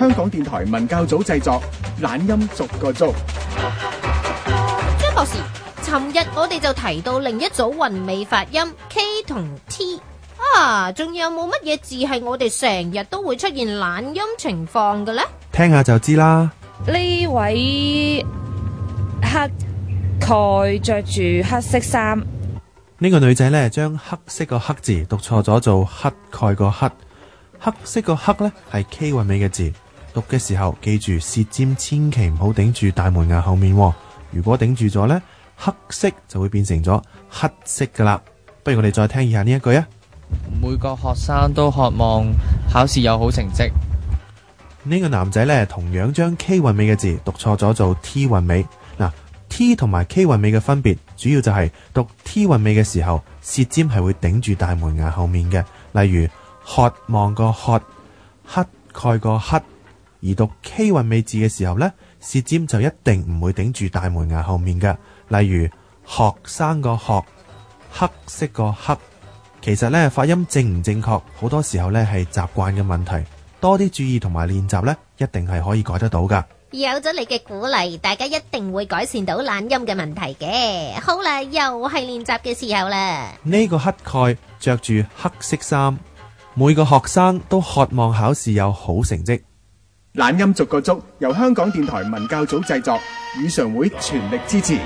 香港電台文教組製作，懶音逐個捉。張博士，尋日我哋就提到另一組韻尾發音，K 同 T 啊，仲有冇乜嘢字係我哋成日都會出現懶音情況嘅呢？聽下就知啦。呢位黑蓋着住黑色衫，呢個女仔呢將黑色個黑字讀錯咗，做黑蓋個黑。黑色個黑呢係 K 韻尾嘅字。讀嘅時候，記住舌尖千祈唔好頂住大門牙後面喎。如果頂住咗呢，黑色就會變成咗黑色噶啦。不如我哋再聽以下呢一句啊。每個學生都渴望考試有好成績。呢個男仔呢，同樣將 k 韻尾嘅字讀錯咗做 t 韻尾。嗱，呃，t 同埋 k 韻尾嘅分別主要就係讀 t 韻尾嘅時候，舌尖係會頂住大門牙後面嘅。例如渴望個渴，「乞」蓋個「乞」。而讀 k 韻尾字嘅時候呢，舌尖就一定唔會頂住大門牙後面嘅。例如學生個學，黑色個黑，其實呢，發音正唔正確，好多時候呢係習慣嘅問題。多啲注意同埋練習呢，一定係可以改得到噶。有咗你嘅鼓勵，大家一定會改善到懶音嘅問題嘅。好啦，又係練習嘅時候啦。呢個乞丐着住黑色衫，每個學生都渴望考試有好成績。懶音逐個捉，由香港電台文教組製作，語常會全力支持。